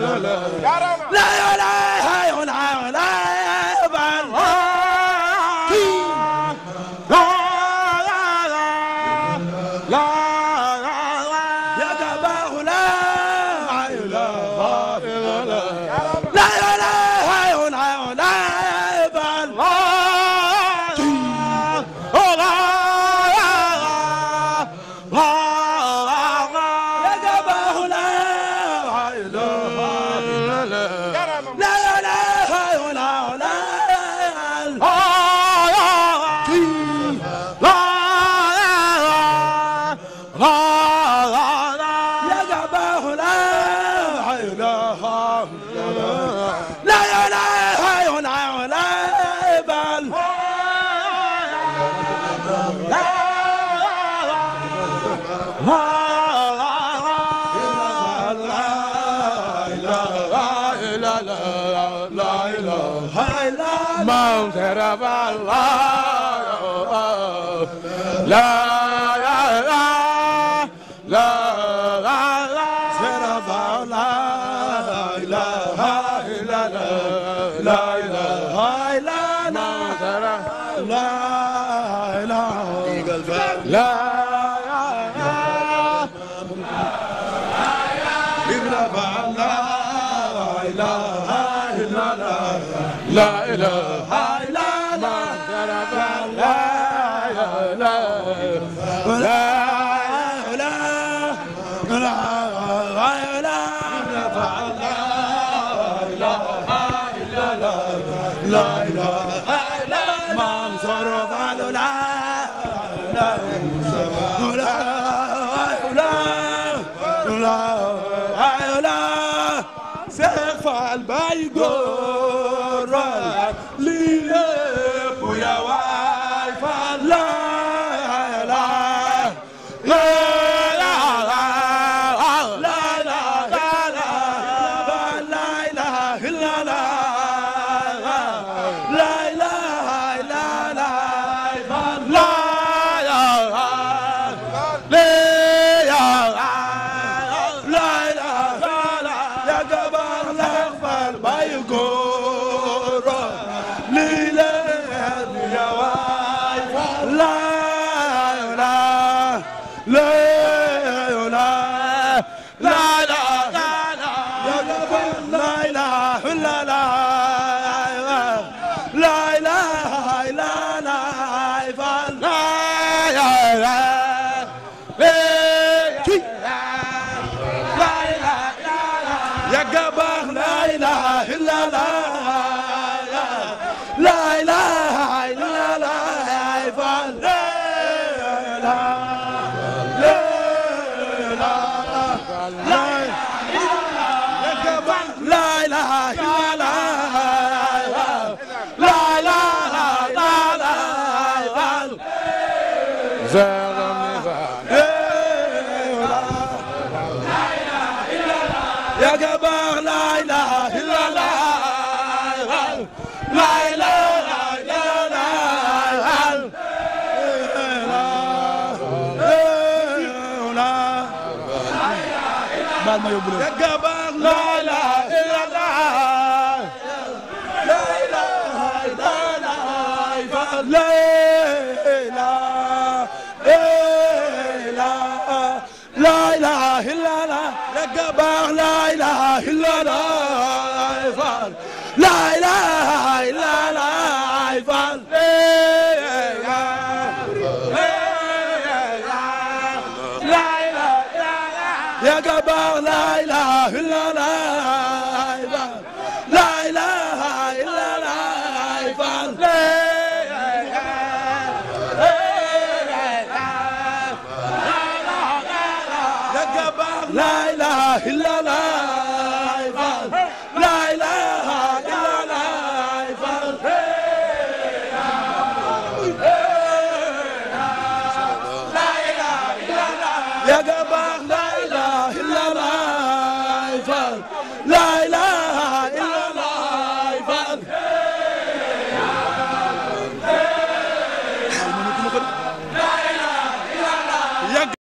la mountain of Allah. Oh, La la la la. لا إله إلا الله لا إله لا Seex Faal bay góor lii lépp yow la ma yóbbu leen baax la ilaha illa la faal la ilaha illa la faal ya ga baax la ilaha illa la la ilaha illallah